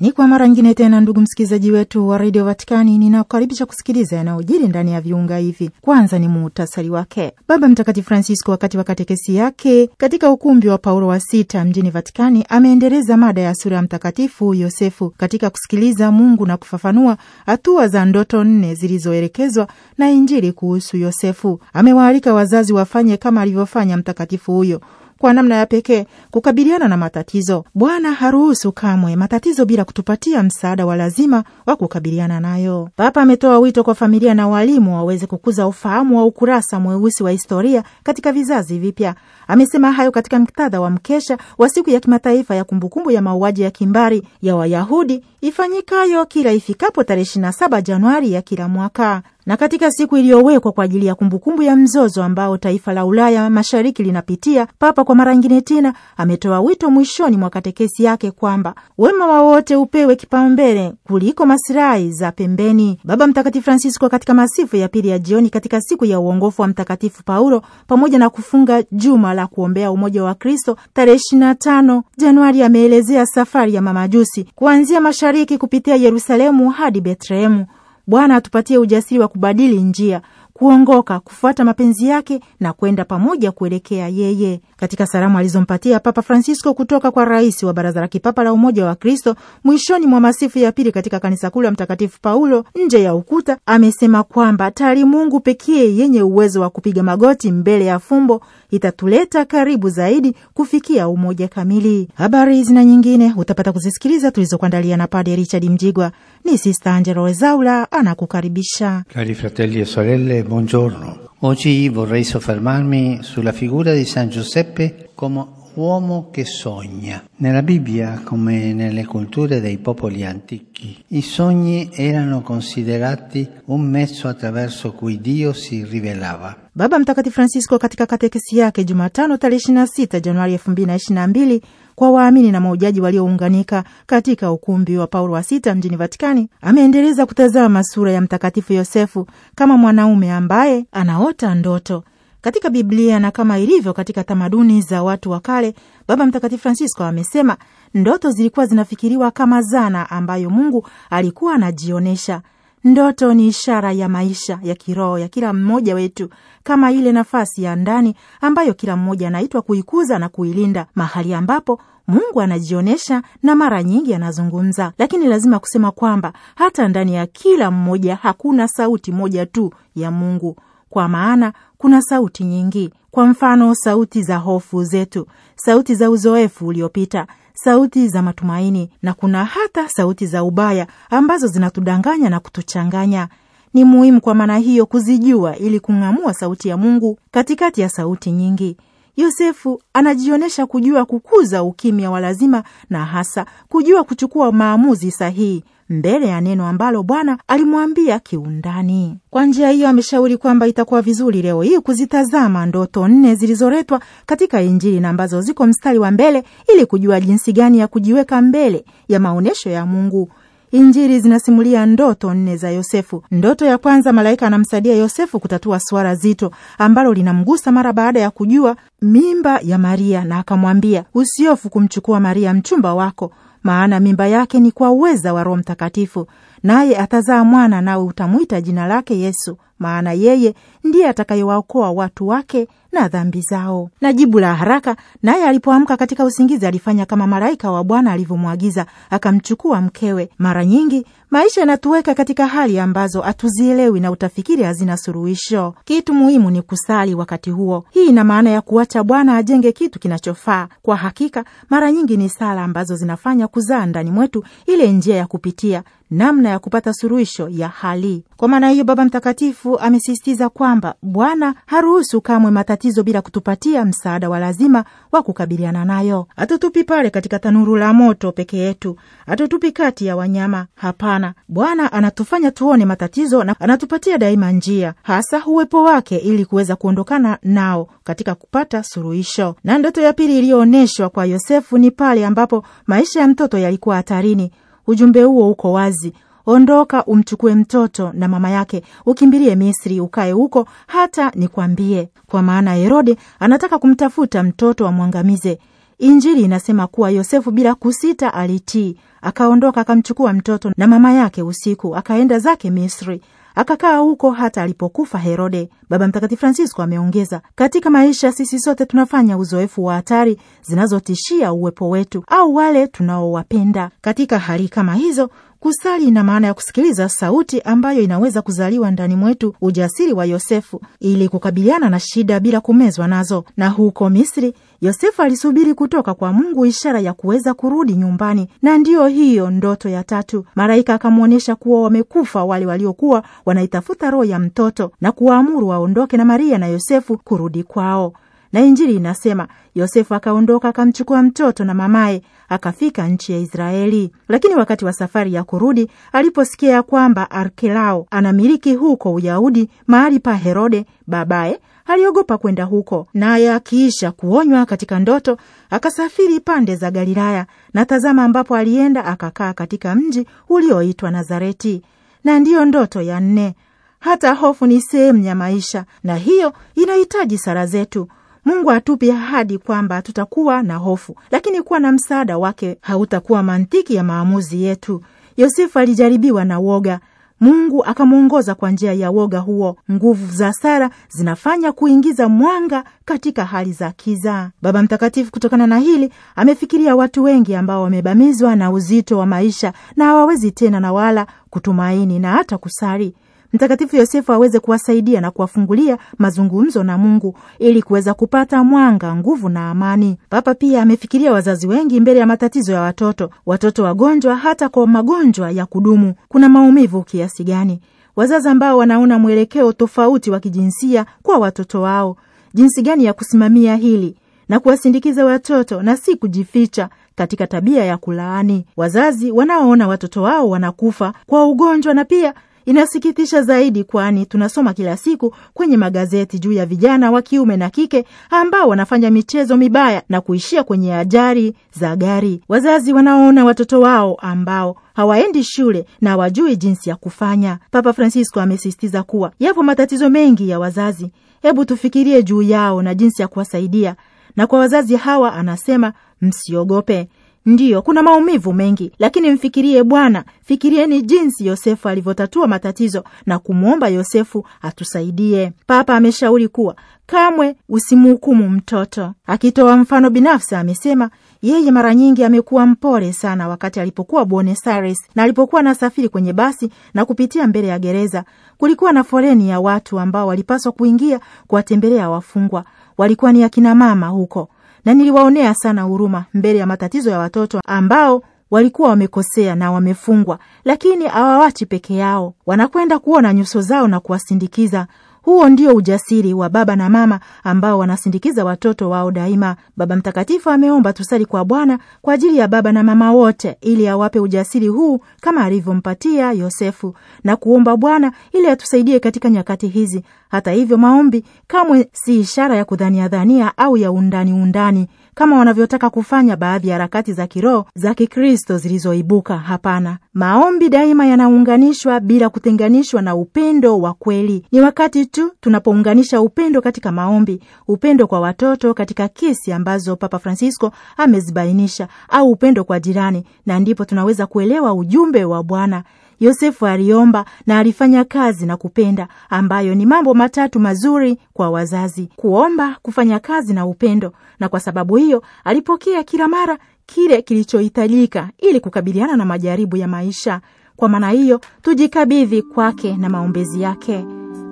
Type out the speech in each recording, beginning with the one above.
Ni kwa mara nyingine tena, ndugu msikilizaji wetu wa redio Vatikani, ninakukaribisha kusikiliza yanayojiri ndani ya viunga hivi. Kwanza ni muhtasari wake. Baba Mtakatifu Francisco, wakati wa katekesi yake katika ukumbi wa Paulo wa Sita mjini Vatikani, ameendeleza mada ya sura ya Mtakatifu Yosefu katika kusikiliza Mungu na kufafanua hatua za ndoto nne zilizoelekezwa na Injili kuhusu Yosefu. Amewaalika wazazi wafanye kama alivyofanya mtakatifu huyo kwa namna ya pekee kukabiliana na matatizo. Bwana haruhusu kamwe matatizo bila kutupatia msaada wa lazima wa kukabiliana nayo. Papa ametoa wito kwa familia na walimu waweze kukuza ufahamu wa ukurasa mweusi wa historia katika vizazi vipya. Amesema hayo katika mktadha wa mkesha wa siku ya kimataifa ya kumbukumbu ya mauaji ya kimbari ya Wayahudi ifanyikayo kila ifikapo tarehe 27 Januari ya kila mwaka na katika siku iliyowekwa kwa ajili ya kumbukumbu ya mzozo ambao taifa la Ulaya Mashariki linapitia, Papa kwa mara nyingine tena ametoa wito mwishoni mwa katekesi yake kwamba wema wa wote upewe kipaumbele kuliko masilahi za pembeni. Baba Mtakatifu Francisco katika masifu ya pili ya jioni katika siku ya uongofu wa Mtakatifu Paulo pamoja na kufunga juma la kuombea umoja wa Kristo tarehe 25 Januari ameelezea safari ya mamajusi kuanzia mashariki kupitia Yerusalemu hadi Betlehemu Bwana atupatie ujasiri wa kubadili njia, kuongoka, kufuata mapenzi yake na kwenda pamoja kuelekea yeye. Katika salamu alizompatia Papa Francisco kutoka kwa rais wa Baraza la Kipapa la Umoja wa Kristo mwishoni mwa masifu ya pili katika kanisa kuu la Mtakatifu Paulo nje ya ukuta, amesema kwamba tayari Mungu pekee yenye uwezo wa kupiga magoti mbele ya fumbo itatuleta karibu zaidi kufikia umoja kamili. Habari zina nyingine utapata kuzisikiliza tulizokuandalia na Padre Richard Mjigwa. Ni Sista Angelo Wezaula anakukaribisha. Cari fratelli e sorelle, buongiorno Oggi vorrei soffermarmi sulla figura di San Giuseppe come uomo che sogna. Nella Bibbia, come nelle culture dei popoli antichi, i sogni erano considerati un mezzo attraverso cui Dio si rivelava. Baba Mtakatifu Francisco katika katekesi yake Jumatano tarehe 26 Januari 2022 kwa waamini na maujaji waliounganika katika ukumbi wa Paulo wa Sita mjini Vatikani, ameendeleza kutazama sura ya Mtakatifu Yosefu kama mwanaume ambaye anaota ndoto katika Biblia na kama ilivyo katika tamaduni za watu wa kale, Baba Mtakatifu Francisco amesema ndoto zilikuwa zinafikiriwa kama zana ambayo Mungu alikuwa anajionyesha Ndoto ni ishara ya maisha ya kiroho ya kila mmoja wetu, kama ile nafasi ya ndani ambayo kila mmoja anaitwa kuikuza na kuilinda, mahali ambapo Mungu anajionyesha na mara nyingi anazungumza. Lakini lazima kusema kwamba hata ndani ya kila mmoja hakuna sauti moja tu ya Mungu, kwa maana kuna sauti nyingi. Kwa mfano, sauti za hofu zetu, sauti za uzoefu uliopita, sauti za matumaini na kuna hata sauti za ubaya ambazo zinatudanganya na kutuchanganya. Ni muhimu kwa maana hiyo kuzijua ili kung'amua sauti ya Mungu katikati ya sauti nyingi. Yosefu anajionyesha kujua kukuza ukimya wa lazima na hasa kujua kuchukua maamuzi sahihi mbele ya neno ambalo Bwana alimwambia kiundani. Kwa njia hiyo, ameshauri kwamba itakuwa vizuri leo hii kuzitazama ndoto nne zilizoletwa katika Injili na ambazo ziko mstari wa mbele ili kujua jinsi gani ya kujiweka mbele ya maonyesho ya Mungu Injili zinasimulia ndoto nne za Yosefu. Ndoto ya kwanza, malaika anamsaidia Yosefu kutatua suala zito ambalo linamgusa mara baada ya kujua mimba ya Maria, na akamwambia usiofu kumchukua Maria mchumba wako, maana mimba yake ni kwa uweza wa Roho Mtakatifu, naye atazaa mwana, nawe utamwita jina lake Yesu, maana yeye ndiye atakayewaokoa watu wake na dhambi zao. Na jibu la haraka, naye alipoamka katika usingizi alifanya kama malaika wa Bwana alivyomwagiza, akamchukua mkewe. Mara nyingi Maisha yanatuweka katika hali ambazo hatuzielewi na utafikiri hazina suluhisho. Kitu muhimu ni kusali wakati huo. Hii ina maana ya kuacha Bwana ajenge kitu kinachofaa. Kwa hakika, mara nyingi ni sala ambazo zinafanya kuzaa ndani mwetu ile njia ya kupitia namna ya kupata suluhisho ya hali. Kwa maana hiyo, Baba Mtakatifu amesisitiza kwamba Bwana haruhusu kamwe matatizo bila kutupatia msaada wa lazima wa kukabiliana nayo. Hatutupi pale katika tanuru la moto peke yetu, hatutupi kati ya wanyama, hapana sana. Bwana anatufanya tuone matatizo na anatupatia daima njia, hasa uwepo wake, ili kuweza kuondokana nao katika kupata suluhisho. Na ndoto ya pili iliyoonyeshwa kwa Yosefu ni pale ambapo maisha ya mtoto yalikuwa hatarini. Ujumbe huo uko wazi: Ondoka umchukue mtoto na mama yake, ukimbilie Misri, ukae huko hata nikwambie, kwa maana Herode anataka kumtafuta mtoto amwangamize. Injili inasema kuwa Yosefu bila kusita alitii, Akaondoka akamchukua mtoto na mama yake usiku, akaenda zake Misri akakaa huko hata alipokufa Herode. Baba Mtakatifu Francisco ameongeza, katika maisha sisi sote tunafanya uzoefu wa hatari zinazotishia uwepo wetu au wale tunaowapenda. Katika hali kama hizo, kusali ina maana ya kusikiliza sauti ambayo inaweza kuzaliwa ndani mwetu ujasiri wa Yosefu ili kukabiliana na shida bila kumezwa nazo. Na huko Misri Yosefu alisubiri kutoka kwa Mungu ishara ya kuweza kurudi nyumbani, na ndiyo hiyo ndoto ya tatu. Malaika akamwonyesha kuwa wamekufa wale waliokuwa wanaitafuta roho ya mtoto na kuwaamuru waondoke na Maria na Yosefu kurudi kwao. Na Injili inasema Yosefu akaondoka akamchukua mtoto na mamaye akafika nchi ya Israeli. Lakini wakati wa safari ya kurudi, aliposikia ya kwamba Arkelao anamiliki huko Uyahudi mahali pa Herode babaye, aliogopa kwenda huko, naye akiisha kuonywa katika ndoto akasafiri pande za Galilaya, na tazama, ambapo alienda akakaa katika mji ulioitwa Nazareti. Na ndiyo ndoto ya nne. Hata hofu ni sehemu ya maisha, na hiyo inahitaji sara zetu Mungu atupi ahadi kwamba tutakuwa na hofu, lakini kuwa na msaada wake hautakuwa mantiki ya maamuzi yetu. Yosefu alijaribiwa na woga, Mungu akamwongoza kwa njia ya woga huo. Nguvu za Sara zinafanya kuingiza mwanga katika hali za kiza. Baba Mtakatifu, kutokana na hili, amefikiria watu wengi ambao wamebamizwa na uzito wa maisha na hawawezi tena na wala kutumaini na hata kusali. Mtakatifu Yosefu aweze kuwasaidia na kuwafungulia mazungumzo na Mungu ili kuweza kupata mwanga, nguvu na amani. Papa pia amefikiria wazazi wengi mbele ya matatizo ya watoto, watoto wagonjwa, hata kwa magonjwa ya kudumu. Kuna maumivu kiasi gani wazazi ambao wanaona mwelekeo tofauti wa kijinsia kwa watoto wao, jinsi gani ya kusimamia hili na kuwasindikiza watoto na si kujificha katika tabia ya kulaani. Wazazi wanaoona watoto wao wanakufa kwa ugonjwa na pia Inasikitisha zaidi, kwani tunasoma kila siku kwenye magazeti juu ya vijana wa kiume na kike ambao wanafanya michezo mibaya na kuishia kwenye ajali za gari. Wazazi wanaona watoto wao ambao hawaendi shule na hawajui jinsi ya kufanya. Papa Francisco amesisitiza kuwa yapo matatizo mengi ya wazazi, hebu tufikirie juu yao na jinsi ya kuwasaidia. Na kwa wazazi hawa anasema msiogope, Ndiyo, kuna maumivu mengi, lakini mfikirie Bwana. Fikirieni jinsi Yosefu alivyotatua matatizo na kumwomba Yosefu atusaidie. Papa ameshauri kuwa kamwe usimhukumu mtoto. Akitoa mfano binafsi, amesema yeye mara nyingi amekuwa mpole sana wakati alipokuwa Buenos Aires, na alipokuwa anasafiri kwenye basi na kupitia mbele ya gereza, kulikuwa na foleni ya watu ambao walipaswa kuingia kuwatembelea wafungwa, walikuwa ni akina mama huko na niliwaonea sana huruma mbele ya matatizo ya watoto ambao walikuwa wamekosea na wamefungwa, lakini hawawachi peke yao, wanakwenda kuona nyuso zao na kuwasindikiza huo ndio ujasiri wa baba na mama ambao wanasindikiza watoto wao daima. Baba Mtakatifu ameomba tusali kwa Bwana kwa ajili ya baba na mama wote, ili awape ujasiri huu kama alivyompatia Yosefu, na kuomba Bwana ili atusaidie katika nyakati hizi. Hata hivyo, maombi kamwe si ishara ya kudhania dhania au ya undani undani kama wanavyotaka kufanya baadhi ya harakati za kiroho za Kikristo zilizoibuka. Hapana, maombi daima yanaunganishwa bila kutenganishwa na upendo wa kweli. Ni wakati tu tunapounganisha upendo katika maombi, upendo kwa watoto katika kesi ambazo Papa Francisco amezibainisha, au upendo kwa jirani, na ndipo tunaweza kuelewa ujumbe wa Bwana. Yosefu aliomba na alifanya kazi na kupenda, ambayo ni mambo matatu mazuri kwa wazazi: kuomba, kufanya kazi na upendo. Na kwa sababu hiyo alipokea kila mara kile kilichohitajika ili kukabiliana na majaribu ya maisha. Kwa maana hiyo tujikabidhi kwake na maombezi yake.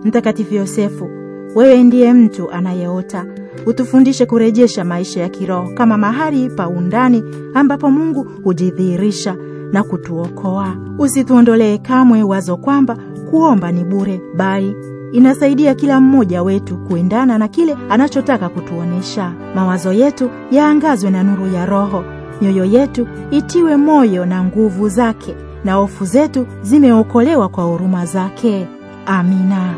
Mtakatifu Yosefu, wewe ndiye mtu anayeota, utufundishe kurejesha maisha ya kiroho kama mahali pa undani ambapo Mungu hujidhihirisha na kutuokoa. Usituondolee kamwe wazo kwamba kuomba ni bure, bali inasaidia kila mmoja wetu kuendana na kile anachotaka kutuonesha. Mawazo yetu yaangazwe na nuru ya Roho, mioyo yetu itiwe moyo na nguvu zake, na hofu zetu zimeokolewa kwa huruma zake. Amina.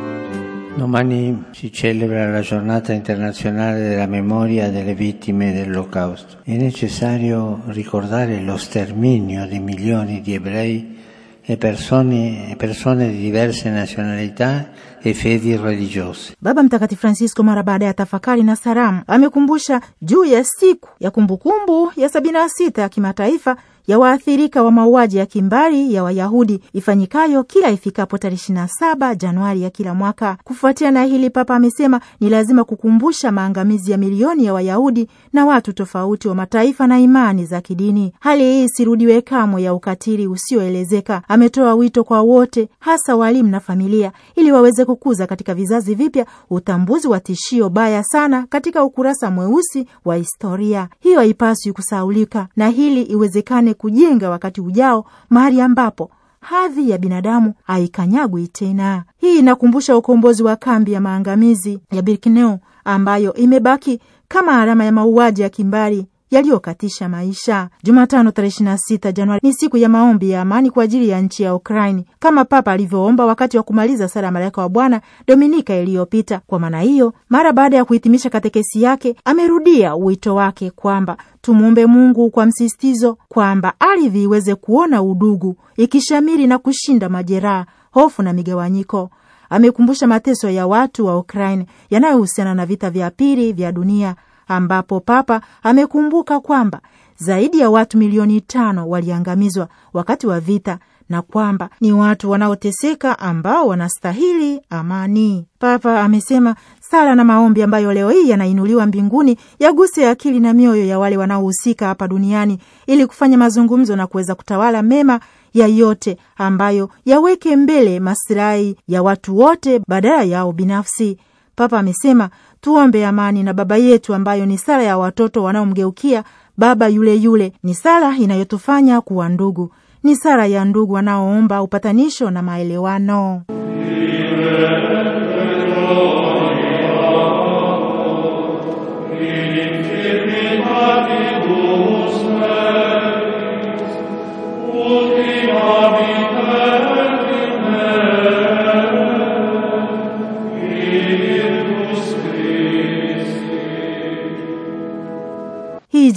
Domani si celebra la giornata internazionale della memoria delle vittime dell'Olocausto. È necessario ricordare lo sterminio di milioni di ebrei e persone, persone di diverse nazionalità e fedi religiose. Baba Mtakatifu Francisco mara baada ya tafakari na salamu amekumbusha juu ya siku ya kumbukumbu ya 76 ya kimataifa ya waathirika wa mauaji ya kimbari ya Wayahudi ifanyikayo kila ifikapo tarehe 27 Januari ya kila mwaka. Kufuatia na hili, Papa amesema ni lazima kukumbusha maangamizi ya milioni ya Wayahudi na watu tofauti wa mataifa na imani za kidini. Hali hii isirudiwe kamwe ya ukatili usioelezeka. Ametoa wito kwa wote, hasa walimu na familia, ili waweze kukuza katika vizazi vipya utambuzi wa tishio baya sana katika ukurasa mweusi wa historia. Hiyo haipaswi kusaulika, na hili iwezekane kujenga wakati ujao mahali ambapo hadhi ya binadamu haikanyagwi tena. Hii inakumbusha ukombozi wa kambi ya maangamizi ya Birkenau ambayo imebaki kama alama ya mauaji ya kimbari yaliyokatisha maisha. Jumatano tarehe 26 Januari ni siku ya maombi ya amani kwa ajili ya nchi ya Ukraini kama Papa alivyoomba wakati wa kumaliza sala ya malaika wa Bwana Dominika iliyopita. Kwa maana hiyo, mara baada ya kuhitimisha katekesi yake, amerudia wito wake kwamba tumwombe Mungu kwa msisitizo kwamba ardhi iweze kuona udugu ikishamiri na kushinda majeraha, hofu na migawanyiko. Amekumbusha mateso ya watu wa Ukraini yanayohusiana na vita vya pili vya dunia ambapo papa amekumbuka kwamba zaidi ya watu milioni tano waliangamizwa wakati wa vita na kwamba ni watu wanaoteseka ambao wanastahili amani. Papa amesema sala na maombi ambayo leo hii yanainuliwa mbinguni yaguse akili na mioyo ya wale wanaohusika hapa duniani ili kufanya mazungumzo na kuweza kutawala mema ya yote ambayo yaweke mbele masilahi ya watu wote badala yao binafsi. Papa amesema tuombe amani na Baba yetu, ambayo ni sala ya watoto wanaomgeukia Baba yule yule. Ni sala inayotufanya kuwa ndugu, ni sala ya ndugu wanaoomba upatanisho na maelewano.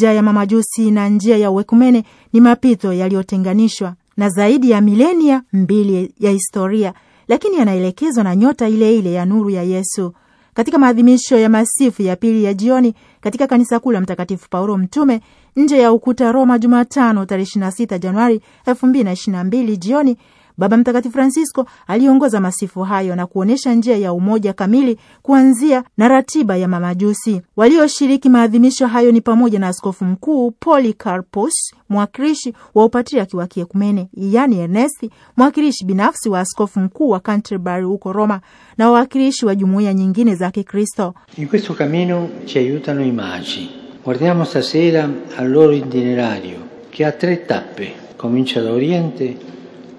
Hoja ya mamajusi na njia ya uwekumene ni mapito yaliyotenganishwa na zaidi ya milenia mbili ya historia, lakini yanaelekezwa na nyota ile ile ya nuru ya Yesu. Katika maadhimisho ya masifu ya pili ya jioni katika kanisa kuu la Mtakatifu Paulo Mtume nje ya ukuta Roma, Jumatano tarehe 26 Januari 2022 jioni, Baba Mtakatifu Francisco aliongoza masifu hayo na kuonyesha njia ya umoja kamili kuanzia na ratiba ya mamajusi. Walioshiriki maadhimisho hayo ni pamoja na askofu mkuu Polikarpos, mwakilishi wa upatriaki wa kiekumene, yani Ernesti, mwakilishi binafsi wa askofu mkuu wa Canterbury huko Roma, na wawakilishi wa jumuiya nyingine za Kikristo. In questo cammino ci aiutano i magi. Guardiamo stasera al loro itinerario che ha tre tappe, comincia da oriente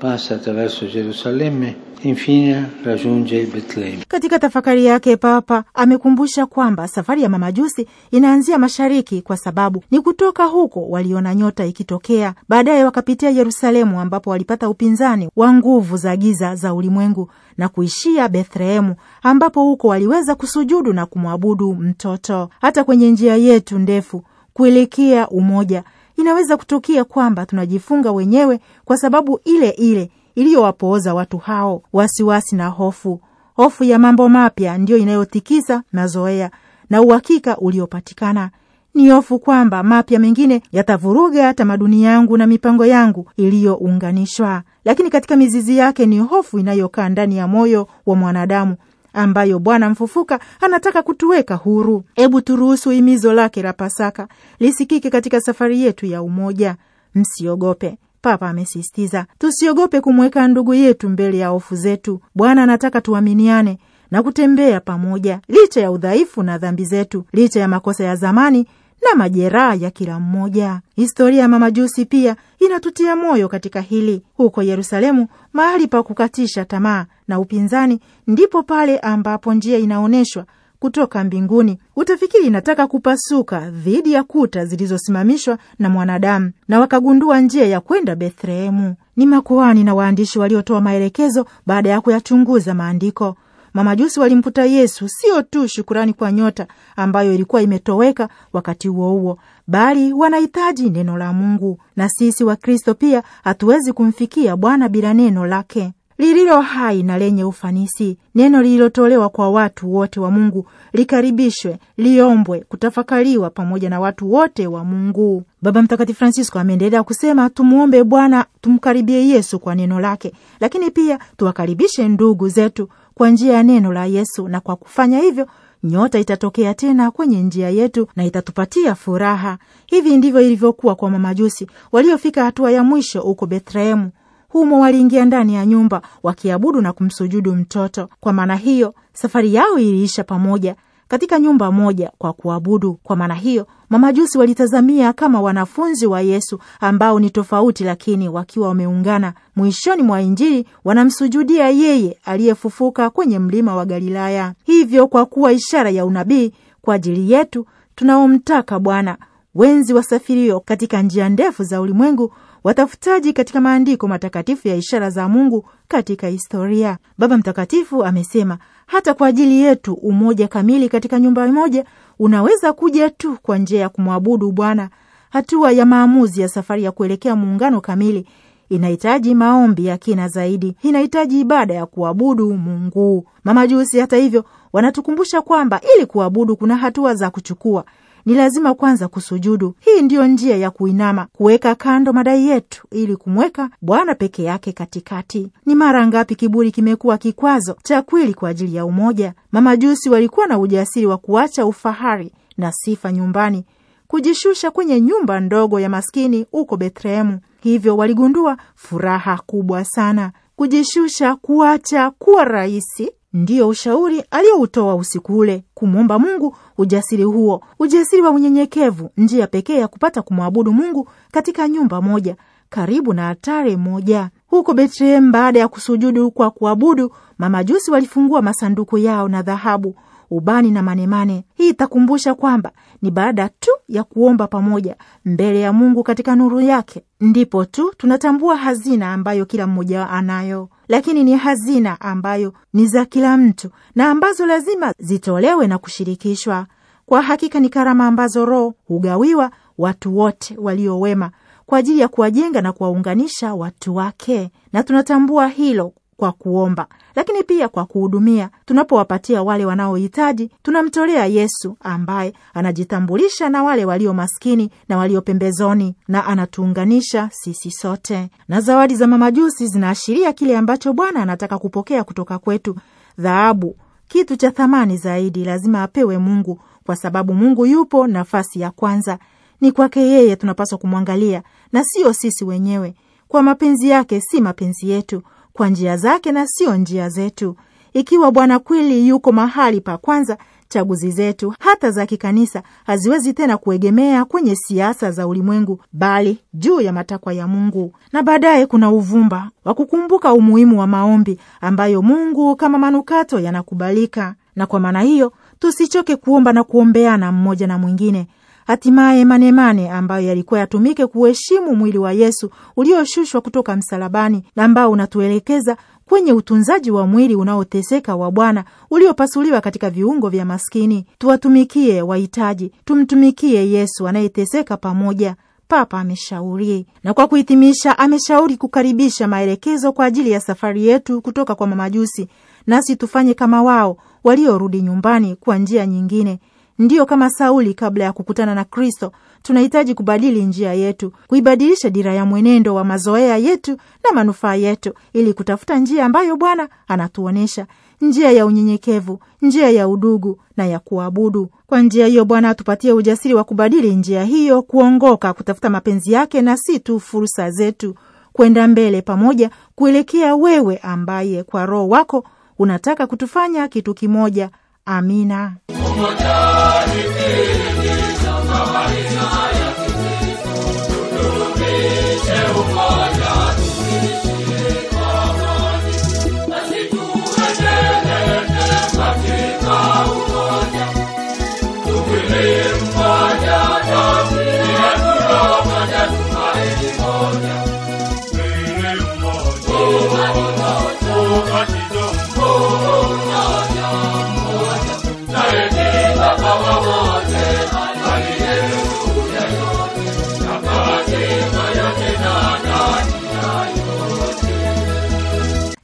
passa attraverso Gerusalemme e infine raggiunge Betlemme. Katika tafakari yake, Papa amekumbusha kwamba safari ya mamajusi inaanzia mashariki, kwa sababu ni kutoka huko waliona nyota ikitokea. Baadaye wakapitia Yerusalemu, ambapo walipata upinzani wa nguvu za giza za ulimwengu na kuishia Bethlehemu, ambapo huko waliweza kusujudu na kumwabudu mtoto. Hata kwenye njia yetu ndefu kuelekea umoja inaweza kutokea kwamba tunajifunga wenyewe kwa sababu ile ile iliyowapooza watu hao, wasiwasi na hofu. Hofu ya mambo mapya ndiyo inayotikisa mazoea na uhakika uliopatikana ni hofu kwamba mapya mengine yatavuruga tamaduni yangu na mipango yangu iliyounganishwa, lakini katika mizizi yake ni hofu inayokaa ndani ya moyo wa mwanadamu ambayo Bwana mfufuka anataka kutuweka huru. Hebu turuhusu himizo lake la Pasaka lisikike katika safari yetu ya umoja. Msiogope, Papa amesisitiza, tusiogope kumweka ndugu yetu mbele ya hofu zetu. Bwana anataka tuaminiane na kutembea pamoja licha ya udhaifu na dhambi zetu, licha ya makosa ya zamani na majeraha ya kila mmoja. Historia ya mamajusi pia inatutia moyo katika hili. Huko Yerusalemu, mahali pa kukatisha tamaa na upinzani, ndipo pale ambapo njia inaonyeshwa kutoka mbinguni. Utafikiri inataka kupasuka dhidi ya kuta zilizosimamishwa na mwanadamu, na wakagundua njia ya kwenda Bethlehemu. Ni makuhani na waandishi waliotoa maelekezo baada ya kuyachunguza maandiko mamajusi walimkuta Yesu sio tu shukurani kwa nyota ambayo ilikuwa imetoweka wakati huo huo, bali wanahitaji neno la Mungu. Na sisi Wakristo pia hatuwezi kumfikia Bwana bila neno lake lililo hai na lenye ufanisi, neno lililotolewa kwa watu wote wa Mungu, likaribishwe, liombwe, kutafakariwa pamoja na watu wote wa Mungu. Baba Mtakatifu Francisco ameendelea kusema, tumwombe Bwana, tumkaribie Yesu kwa neno lake, lakini pia tuwakaribishe ndugu zetu kwa njia ya neno la Yesu, na kwa kufanya hivyo nyota itatokea tena kwenye njia yetu na itatupatia furaha. Hivi ndivyo ilivyokuwa kwa mamajusi waliofika hatua ya mwisho huko Bethlehemu. Humo waliingia ndani ya nyumba wakiabudu na kumsujudu mtoto. Kwa maana hiyo, safari yao iliisha pamoja katika nyumba moja kwa kuabudu. Kwa maana hiyo, mamajusi walitazamia kama wanafunzi wa Yesu ambao ni tofauti, lakini wakiwa wameungana. Mwishoni mwa Injili wanamsujudia yeye aliyefufuka kwenye mlima wa Galilaya. Hivyo, kwa kuwa ishara ya unabii kwa ajili yetu tunaomtaka Bwana, wenzi wasafirio katika njia ndefu za ulimwengu watafutaji katika maandiko matakatifu ya ishara za Mungu katika historia. Baba Mtakatifu amesema hata kwa ajili yetu. Umoja kamili katika nyumba moja unaweza kuja tu kwa njia ya kumwabudu Bwana. Hatua ya maamuzi ya safari ya kuelekea muungano kamili inahitaji maombi ya kina zaidi, inahitaji ibada ya kuabudu Mungu. Mamajusi, hata hivyo, wanatukumbusha kwamba ili kuabudu kuna hatua za kuchukua ni lazima kwanza kusujudu. Hii ndiyo njia ya kuinama, kuweka kando madai yetu ili kumweka Bwana peke yake katikati. Ni mara ngapi kiburi kimekuwa kikwazo cha kweli kwa ajili ya umoja? Mamajusi walikuwa na ujasiri wa kuacha ufahari na sifa nyumbani, kujishusha kwenye nyumba ndogo ya maskini huko Bethlehemu. Hivyo waligundua furaha kubwa sana, kujishusha, kuacha kuwa rahisi Ndiyo ushauri aliyoutoa usiku ule, kumwomba Mungu ujasiri huo, ujasiri wa unyenyekevu, njia pekee ya kupata kumwabudu Mungu katika nyumba moja karibu na altare moja huko Betlehem. Baada ya kusujudu kwa kuabudu, mamajusi walifungua masanduku yao na dhahabu, ubani na manemane. Hii itakumbusha kwamba ni baada tu ya kuomba pamoja mbele ya Mungu katika nuru yake ndipo tu tunatambua hazina ambayo kila mmoja anayo lakini ni hazina ambayo ni za kila mtu na ambazo lazima zitolewe na kushirikishwa. Kwa hakika ni karama ambazo Roho hugawiwa watu wote waliowema kwa ajili ya kuwajenga na kuwaunganisha watu wake, na tunatambua hilo kwa kuomba, lakini pia kwa kuhudumia. Tunapowapatia wale wanaohitaji, tunamtolea Yesu ambaye anajitambulisha na wale walio maskini na walio pembezoni, na anatuunganisha sisi sote. Na zawadi za mamajusi zinaashiria kile ambacho Bwana anataka kupokea kutoka kwetu. Dhahabu, kitu cha thamani zaidi, lazima apewe Mungu kwa sababu Mungu yupo nafasi ya kwanza. Ni kwake yeye tunapaswa kumwangalia na sio sisi wenyewe. Kwa mapenzi yake, si mapenzi yetu kwa njia zake na sio njia zetu. Ikiwa Bwana kweli yuko mahali pa kwanza, chaguzi zetu hata za kikanisa haziwezi tena kuegemea kwenye siasa za ulimwengu, bali juu ya matakwa ya Mungu. Na baadaye kuna uvumba wa kukumbuka umuhimu wa maombi ambayo Mungu kama manukato yanakubalika, na kwa maana hiyo tusichoke kuomba na kuombeana mmoja na mwingine Hatimaye manemane ambayo yalikuwa yatumike kuheshimu mwili wa Yesu ulioshushwa kutoka msalabani na ambao unatuelekeza kwenye utunzaji wa mwili unaoteseka wa Bwana uliopasuliwa katika viungo vya maskini. Tuwatumikie wahitaji, tumtumikie Yesu anayeteseka pamoja Papa ameshauri. Na kwa kuhitimisha, ameshauri kukaribisha maelekezo kwa ajili ya safari yetu kutoka kwa mamajusi, nasi tufanye kama wao waliorudi nyumbani kwa njia nyingine, Ndiyo, kama Sauli kabla ya kukutana na Kristo, tunahitaji kubadili njia yetu, kuibadilisha dira ya mwenendo wa mazoea yetu na manufaa yetu, ili kutafuta njia ambayo Bwana anatuonyesha, njia ya unyenyekevu, njia ya udugu na ya kuabudu. Kwa njia hiyo, Bwana atupatie ujasiri wa kubadili njia hiyo, kuongoka, kutafuta mapenzi yake na si tu fursa zetu, kwenda mbele pamoja, kuelekea wewe ambaye kwa Roho wako unataka kutufanya kitu kimoja Amina.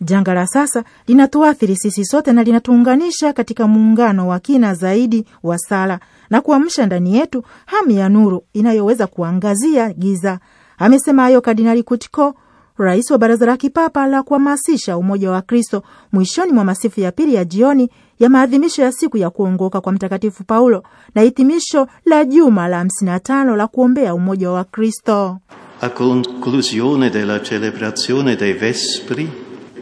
Janga la sasa linatuathiri sisi sote na linatuunganisha katika muungano wa kina zaidi wa sala na kuamsha ndani yetu hamu ya nuru inayoweza kuangazia giza. Amesema hayo Kardinali kutiko rais wa Baraza la Kipapa la kuhamasisha umoja wa Kristo, mwishoni mwa masifu ya pili ya jioni ya maadhimisho ya siku ya kuongoka kwa Mtakatifu Paulo na hitimisho la juma la 55 la kuombea umoja wa Kristo. A conclusione della celebrazione dei vespri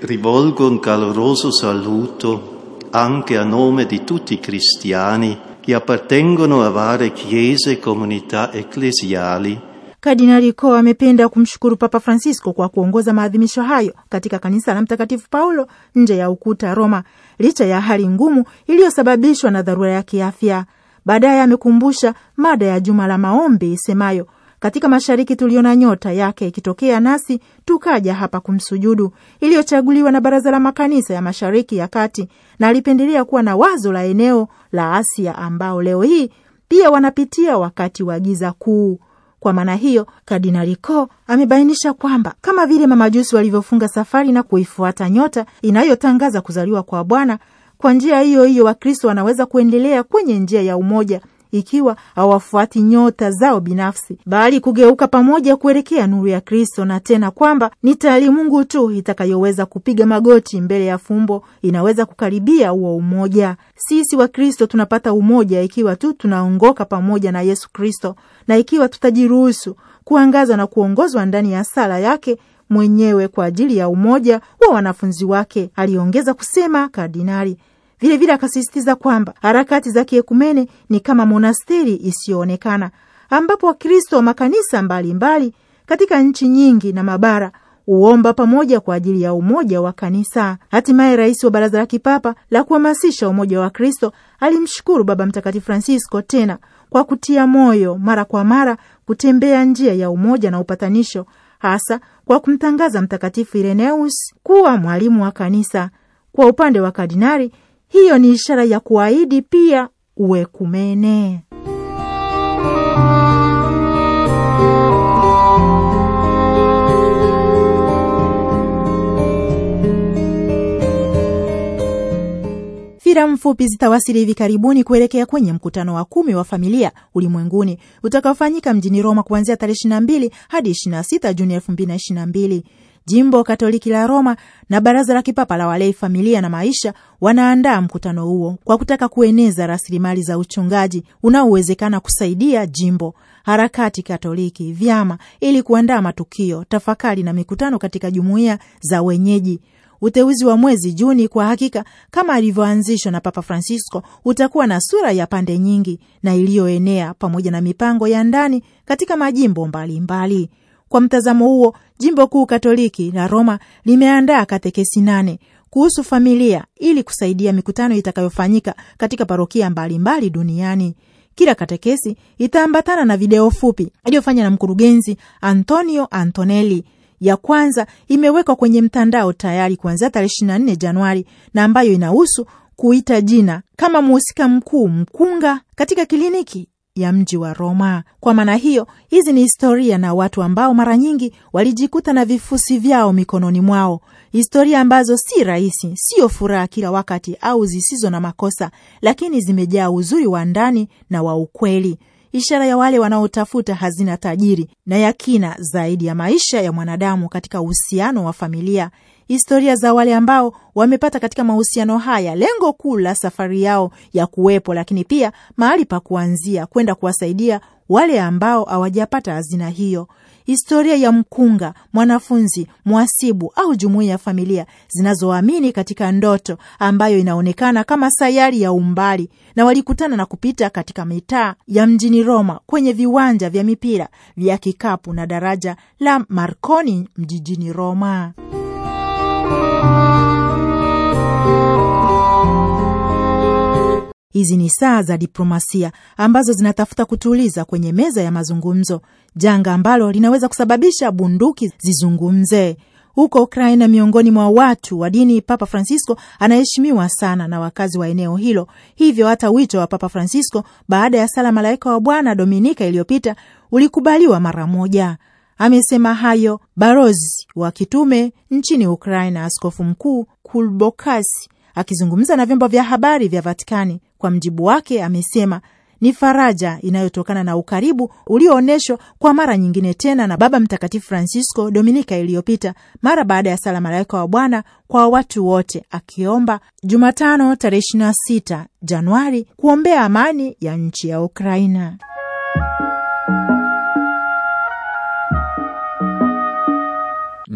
rivolgo un caloroso saluto anche a nome di tutti i cristiani che appartengono a varie chiese e comunità ecclesiali. Kardinali Ko amependa kumshukuru Papa Francisco kwa kuongoza maadhimisho hayo katika kanisa la Mtakatifu Paulo nje ya ukuta Roma, licha ya hali ngumu iliyosababishwa na dharura ya kiafya. Baadaye amekumbusha mada ya juma la maombi isemayo katika mashariki tuliona nyota yake ikitokea, nasi tukaja hapa kumsujudu, iliyochaguliwa na Baraza la Makanisa ya Mashariki ya Kati, na alipendelea kuwa na wazo la eneo la Asia ambao leo hii pia wanapitia wakati wa giza kuu. Kwa maana hiyo, Kardinali Ko amebainisha kwamba kama vile mamajusi walivyofunga safari na kuifuata nyota inayotangaza kuzaliwa kwa Bwana, kwa njia hiyo hiyo Wakristo wanaweza kuendelea kwenye njia ya umoja ikiwa hawafuati nyota zao binafsi, bali kugeuka pamoja kuelekea nuru ya Kristo, na tena kwamba ni tayari mungu tu itakayoweza kupiga magoti mbele ya fumbo inaweza kukaribia huo umoja. Sisi wa Kristo tunapata umoja ikiwa tu tunaongoka pamoja na Yesu Kristo, na ikiwa tutajiruhusu kuangazwa na kuongozwa ndani ya sala yake mwenyewe kwa ajili ya umoja wa wanafunzi wake, aliongeza kusema kardinali. Vilevile akasisitiza kwamba harakati za kiekumene ni kama monasteri isiyoonekana ambapo Wakristo wa makanisa mbalimbali mbali, katika nchi nyingi na mabara huomba pamoja kwa ajili ya umoja wa kanisa. Hatimaye rais wa Baraza la Kipapa la kuhamasisha umoja wa Kristo alimshukuru Baba Mtakatifu Francisco tena kwa kutia moyo mara kwa mara kutembea njia ya umoja na upatanisho, hasa kwa kumtangaza Mtakatifu Ireneus kuwa mwalimu wa kanisa. Kwa upande wa kardinari hiyo ni ishara ya kuahidi pia uekumene. Filamu fupi zitawasili hivi karibuni kuelekea kwenye mkutano wa kumi wa familia ulimwenguni utakaofanyika mjini Roma kuanzia tarehe 22 hadi 26 Juni 2022. Jimbo Katoliki la Roma na Baraza la Kipapa la Walei, Familia na Maisha wanaandaa mkutano huo kwa kutaka kueneza rasilimali za uchungaji unaowezekana kusaidia jimbo, harakati Katoliki, vyama, ili kuandaa matukio, tafakari na mikutano katika jumuiya za wenyeji. Uteuzi wa mwezi Juni kwa hakika, kama alivyoanzishwa na Papa Francisco, utakuwa na sura ya pande nyingi na iliyoenea, pamoja na mipango ya ndani katika majimbo mbalimbali mbali. Kwa mtazamo huo, jimbo kuu Katoliki la Roma limeandaa katekesi nane kuhusu familia ili kusaidia mikutano itakayofanyika katika parokia mbalimbali duniani. Kila katekesi itaambatana na video fupi iliyofanywa na mkurugenzi Antonio Antonelli. Ya kwanza imewekwa kwenye mtandao tayari kuanzia tarehe 24 Januari na ambayo inahusu kuita jina kama mhusika mkuu mkunga katika kliniki ya mji wa Roma. Kwa maana hiyo, hizi ni historia na watu ambao mara nyingi walijikuta na vifusi vyao mikononi mwao, historia ambazo si rahisi, sio furaha kila wakati au zisizo na makosa, lakini zimejaa uzuri wa ndani na wa ukweli, ishara ya wale wanaotafuta hazina tajiri na ya kina zaidi ya maisha ya mwanadamu katika uhusiano wa familia, historia za wale ambao wamepata katika mahusiano haya lengo kuu la safari yao ya kuwepo, lakini pia mahali pa kuanzia kwenda kuwasaidia wale ambao hawajapata hazina hiyo. Historia ya mkunga, mwanafunzi, mwasibu au jumuiya ya familia zinazoamini katika ndoto ambayo inaonekana kama sayari ya umbali, na walikutana na kupita katika mitaa ya mjini Roma, kwenye viwanja vya mipira vya kikapu na daraja la Marconi mjijini Roma. Hizi ni saa za diplomasia ambazo zinatafuta kutuliza kwenye meza ya mazungumzo, janga ambalo linaweza kusababisha bunduki zizungumze huko Ukraina. Miongoni mwa watu wa dini, Papa Francisco anaheshimiwa sana na wakazi wa eneo hilo, hivyo hata wito wa Papa Francisco baada ya sala Malaika wa Bwana Dominika iliyopita ulikubaliwa mara moja. Amesema hayo barozi wa kitume nchini Ukraina, askofu mkuu Kulbokasi, akizungumza na vyombo vya habari vya Vatikani. Kwa mjibu wake, amesema ni faraja inayotokana na ukaribu ulioonyeshwa kwa mara nyingine tena na Baba Mtakatifu Francisco Dominika iliyopita mara baada ya sala Malaika wa Bwana kwa watu wote, akiomba Jumatano tarehe 26 Januari kuombea amani ya nchi ya Ukraina.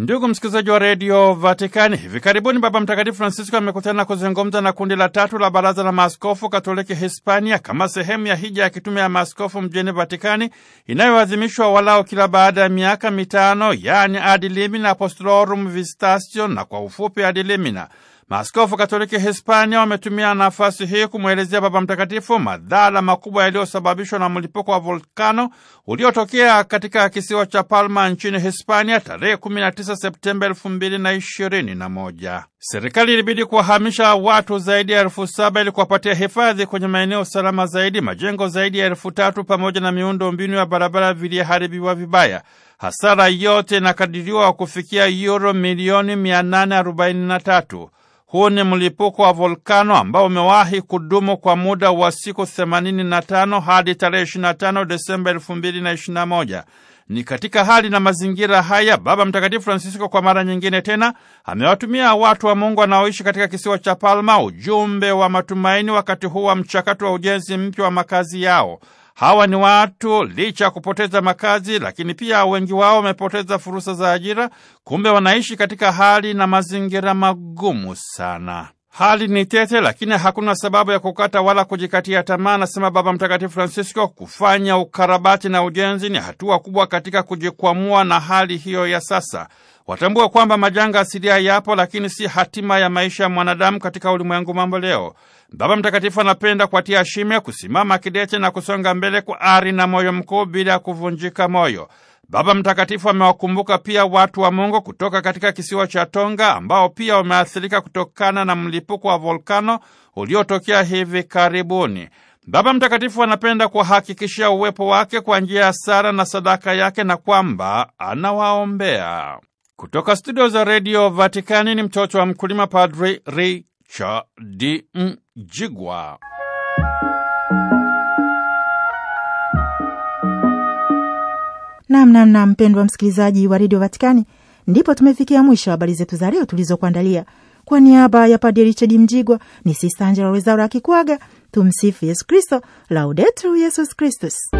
Ndugu msikilizaji wa redio Vatikani, hivi karibuni Baba Mtakatifu Francisco amekutana kuzungumza na kundi la tatu la Baraza la Maaskofu Katoliki Hispania kama sehemu ya hija ya kitume ya maaskofu mjini Vatikani inayoadhimishwa walao kila baada ya miaka mitano, yaani Adilimina Limina Apostolorum Visitatio na kwa ufupi Adilimina. Limina. Maaskofu Katoliki Hispania wametumia nafasi hii kumwelezea Baba Mtakatifu madhara makubwa yaliyosababishwa na mlipuko wa volkano uliotokea katika kisiwa cha Palma nchini Hispania tarehe 19 Septemba 2021. Serikali ilibidi kuwahamisha watu zaidi ya elfu saba ili kuwapatia hifadhi kwenye maeneo salama zaidi. Majengo zaidi ya elfu tatu pamoja na miundo mbinu ya barabara viliharibiwa vibaya. Hasara yote inakadiriwa kufikia yuro milioni 843. Huu ni mlipuko wa volkano ambao umewahi kudumu kwa muda wa siku 85 hadi tarehe 25 Desemba 2021. Ni katika hali na mazingira haya Baba Mtakatifu Francisco kwa mara nyingine tena amewatumia watu wa Mungu wanaoishi katika kisiwa cha Palma ujumbe wa matumaini wakati huu wa mchakato wa ujenzi mpya wa makazi yao. Hawa ni watu licha ya kupoteza makazi, lakini pia wengi wao wamepoteza fursa za ajira. Kumbe wanaishi katika hali na mazingira magumu sana. Hali ni tete, lakini hakuna sababu ya kukata wala kujikatia tamaa, anasema Baba Mtakatifu Francisco. Kufanya ukarabati na ujenzi ni hatua kubwa katika kujikwamua na hali hiyo ya sasa. Watambua kwamba majanga asilia yapo, lakini si hatima ya maisha ya mwanadamu katika ulimwengu mambo leo. Baba Mtakatifu anapenda kuatia shime, kusimama kidete na kusonga mbele kwa ari na moyo mkuu bila ya kuvunjika moyo. Baba Mtakatifu amewakumbuka pia watu wa Mungu kutoka katika kisiwa cha Tonga ambao pia wameathirika kutokana na mlipuko wa volkano uliotokea hivi karibuni. Baba Mtakatifu anapenda kuhakikishia uwepo wake kwa njia ya sala na sadaka yake na kwamba anawaombea. Kutoka studio za redio Vatikani ni mtoto wa mkulima Padri Richard Mjigwa. Namnamna mpendwa msikilizaji wa redio Vatikani, ndipo tumefikia mwisho habari zetu za leo tulizokuandalia. Kwa niaba ya Padri Richard Mjigwa ni Sista Angela Rwezaura akikuaga. Tumsifu Yesu Kristo, Laudetur Yesus Kristus.